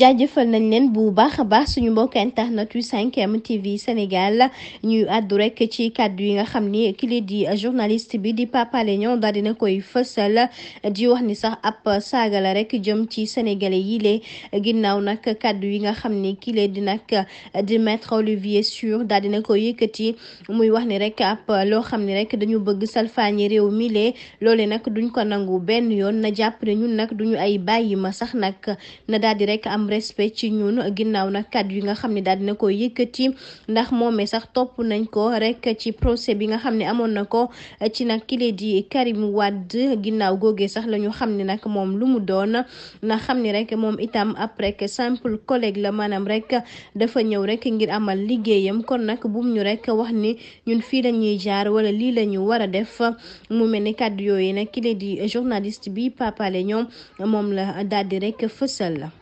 jaajëfal nañ leen bu baax a baax suñu mbokk internet yu 5M TV Sénégal ñuy àddu rek ci kàddu yi nga xam ni kile di journaliste bi di Pape Alé Niang daal dina koy fësal di wax ni sax ab saagala la rek jëm ci sénégalais yile ginnaaw nag kàddu yi nga xam ni kile di nag di maître Olivier Sur daal dina koy yëkkati muy wax ni rek ab loo xam ni rek dañu bëgg salfaañi réew mi loole loolee nag duñ ko nangu benn yoon na jàpp ne ñun nag duñu ay bàyyi ma sax nag respect ci ñun ginnaaw nag kàddu yi nga xam ne daal dina ko yëkkati ndax moomee sax topp nañ ko rek ci procès bi nga xam ne amoon na ko ci nag kile di Karim Wade ginnaaw googee sax la ñu xam ne nag moom lu mu doon na xam ni rek moom itam après que simple collègue la maanaam rek dafa ñëw rek ngir amal liggéeyam kon nag bum ñu rek wax ni ñun fii lañuy jaar wala lii la ñu war a def mu mel ni kàddu yooyu nag kile di journaliste bi Pape ñoom moom la daal di rek fësal la